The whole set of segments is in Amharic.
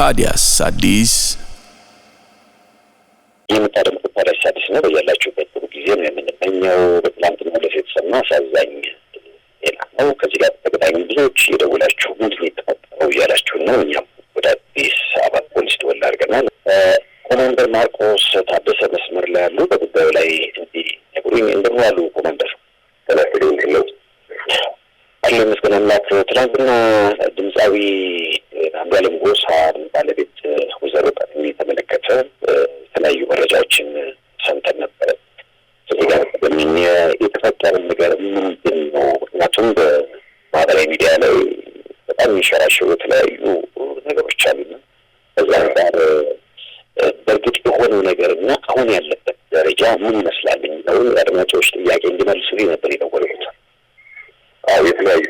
ታዲያስ አዲስ የምታደምጡት ታዲያስ አዲስ ነው። በያላችሁበት ጥሩ ጊዜ ነው የምንመኘው። በትላንትና ዕለት የተሰማ አሳዛኝ ዜና ነው። ከዚህ ጋር ተገናኙ ብዙዎች የደውላችሁ ምንድን የተፈጠረው እያላችሁን ነው። እኛም ወደ አዲስ አበባ ፖሊስ ደወል አድርገናል። ኮማንደር ማርቆስ ታደሰ መስመር ላይ ያሉ በጉዳዩ ላይ እንዲነግሩኝ እንደምን ያሉ ኮማንደር? ተላክልኝ ነው አለ። ምስጋና አምላክ ትላንትና ድምፃዊ አንዷለም ጎሳ ባለቤት ወይዘሮ ጠቅሚ የተመለከተ የተለያዩ መረጃዎችን ሰምተን ነበረ። እዚህ ጋር በሚኝ የተፈጠረ ነገር ምንድን ነው? ምክንያቱም በማህበራዊ ሚዲያ ላይ በጣም የሚሸራሸሩ የተለያዩ ነገሮች አሉና በዛ ጋር በእርግጥ የሆነው ነገር እና አሁን ያለበት ደረጃ ምን ይመስላል የሚለውን አድማጮች ጥያቄ እንዲመልሱ ነበር የደወልኩት። አዎ የተለያዩ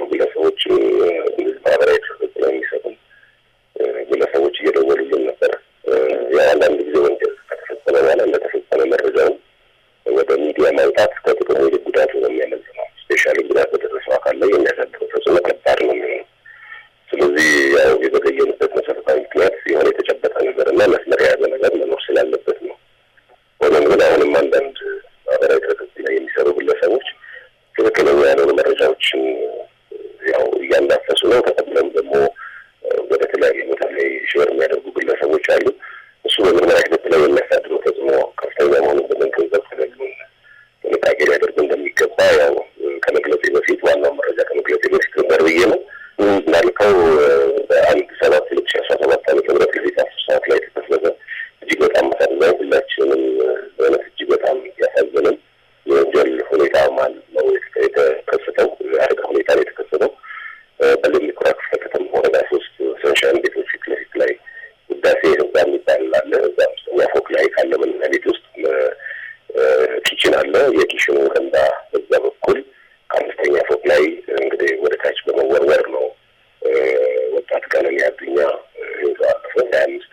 الذي يعني بقي مثل فترة في يتجبد عن البرنامج مريعة من الأدنى المرسلة لبتنا ومن هنا أول ما عندنا أغرائي تركت إلى የሚሰሩ ግለሰቦች ትክክለኛ ያልሆኑ መረጃዎችን ያው እያናፈሱ ነው። ተቀብለም ደግሞ ወደ ተለያየ ቦታ ላይ ሽበር የሚያደርጉ ግለሰቦች አሉ። እሱ በምርመራ ሂደት ላይ የሚያሳድረው ተጽዕኖ ከፍተኛ መሆኑን በመገንዘብ ተገቢውን ጥንቃቄ ሊያደርጉ እንደሚገባ ያው ከመግለጽ በፊት ዋናው መረጃ ከመግለጽ በፊት ነበር ብዬ ነው። ላልከው በአንድ ሰባት ሁለት ሺ አስራ ሰባት ዓመተ ምህረት ከቤት ሰዓት ላይ የተከሰተ እጅግ በጣም አሳዛኝ ሁላችንም በእውነት እጅግ በጣም ያሳዘንም የወንጀል ሁኔታ ማለት ነው የተከሰተው አደጋ ሁኔታ ነው የተከሰተው። በሌሊ ኩራ ክፍለ ከተማ ወረዳ ሶስት ሰንሻይን ቤቶች ፊት ለፊት ላይ ውዳሴ ህንጻ የሚባል አለ። እዛ አምስተኛ ፎቅ ላይ ካለ መኖሪያ ቤት ውስጥ ኪችን አለ። የኪችኑ መስቀልን ያዱኛ ህይወቱ አልፎ እንዳያ አምስት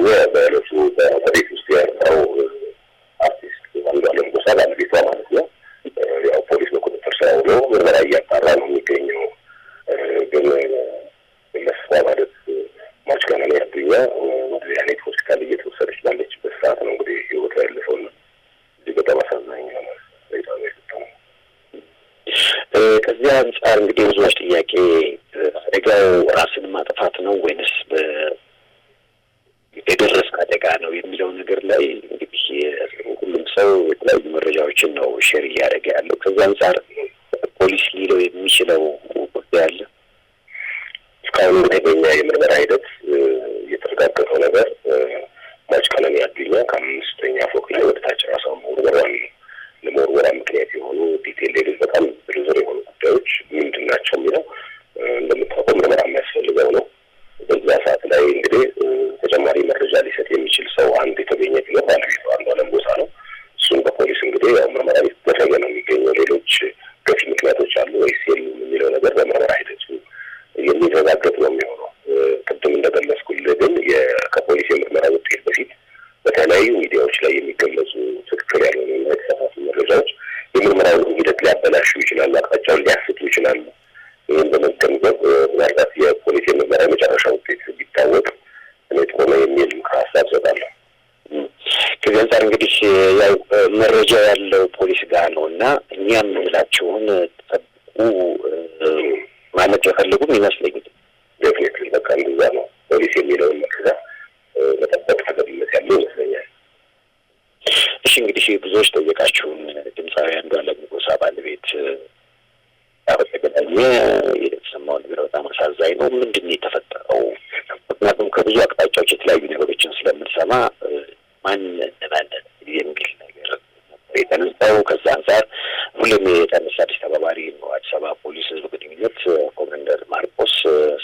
nuove le sue tariffe ከዚያ አንጻር እንግዲህ ብዙዎች ጥያቄ አደጋው ራስን ማጥፋት ነው ወይንስ ነው የሚለው ነገር ላይ እንግዲህ ሁሉም ሰው የተለያዩ መረጃዎችን ነው ሼር እያደረገ ያለው። ከዚህ አንጻር ፖሊስ ሊለው የሚችለው ጉዳይ አለ። እስካሁን እንግዲህ በኛ የምርመራ ሂደት የተረጋገጠው ነገር ማጭ ቀለም ያዱኛ ከአምስተኛ ፎቅ ላይ ወደ ታች ራሷን መወርወሯን ለመወርወራ ምክንያት የሆኑ ዲቴል ሌሎች በጣም ዝርዝር ያው ምርመራ እየተደረገ ነው የሚገኘው። ሌሎች ገፊ ምክንያቶች አሉ ወይስ የሉም የሚለው ነገር በምርመራ ሂደቱ የሚረጋገጥ ነው የሚሆነው። ቅድም እንደገለጽኩልህ ግን ከፖሊስ የምርመራ ውጤት በፊት በተለያዩ ሚዲያዎች ላይ የሚገለጹ ትክክል ያልሆኑ የተሳሳቱ መረጃዎች የምርመራውን ሂደት ሊያበላሹ ይችላል። አንጻር እንግዲህ ያው መረጃ ያለው ፖሊስ ጋር ነው እና እኛም የምንላቸውን ጠብቁ ማለት የፈልጉም ይመስለኝ ዴፍኔትሊ በቃ እንደዛ ነው። ፖሊስ የሚለውን መከዛ መጠበቅ ተገቢነት ያለው ይመስለኛል። እሺ እንግዲህ ብዙዎች ጠየቃችሁን ድምፃዊ አንዷለም ጎሳ ባለቤት በተገናኘ የተሰማው ነገር በጣም አሳዛኝ ነው። ምንድን ነው የተፈጠረው? ምክንያቱም ከብዙ አቅጣጫዎች የተለያዩ ነገሮችን ስለምንሰማ ማንነት ማንነት የሚል ነገር የተነሳው ከዛ አንጻር ሁሌም የጠነሳ አዲስ ተባባሪ ነው። አዲስ አበባ ፖሊስ ህዝብ ግንኙነት ኮማንደር ማርቆስ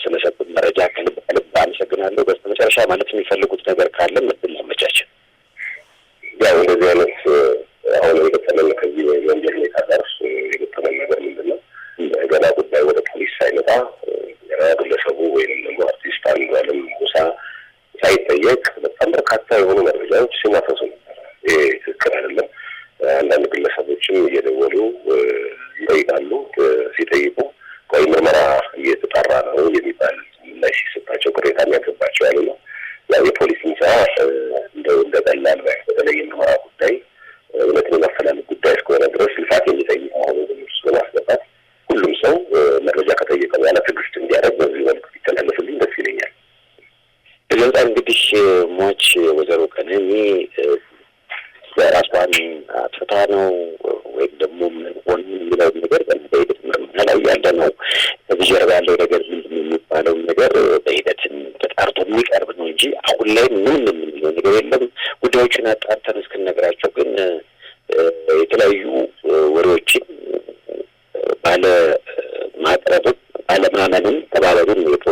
ስለሰጡት መረጃ ከልብ ከልብ አመሰግናለሁ። በስተመጨረሻ ማለት የሚፈልጉ ሳይጠየቅ በጣም በርካታ የሆኑ መረጃዎች ሲናፈሱ ነበር። ይህ ትክክል አይደለም። አንዳንድ ግለሰቦችም እየደወሉ ይጠይቃሉ። ሲጠይቁ ቆይ ምርመራ እየተጣራ ነው የሚባል ሟች ወይዘሮ ቀነኒ ራሷን አጥፍታ ነው ወይም ደግሞ ምን ሆን የሚለው ነገር በሂደት ምርመራ ላይ ያለ ነው። በጀርባ ያለው ነገር ምንድን የሚባለው ነገር በሂደት ተጣርቶ የሚቀርብ ነው እንጂ አሁን ላይ ምንም የምንለው ነገር የለም። ጉዳዮችን አጣርተን እስክንነግራቸው ግን የተለያዩ ወሬዎችን ባለ ማቅረብም ባለማመንም ተባበሩን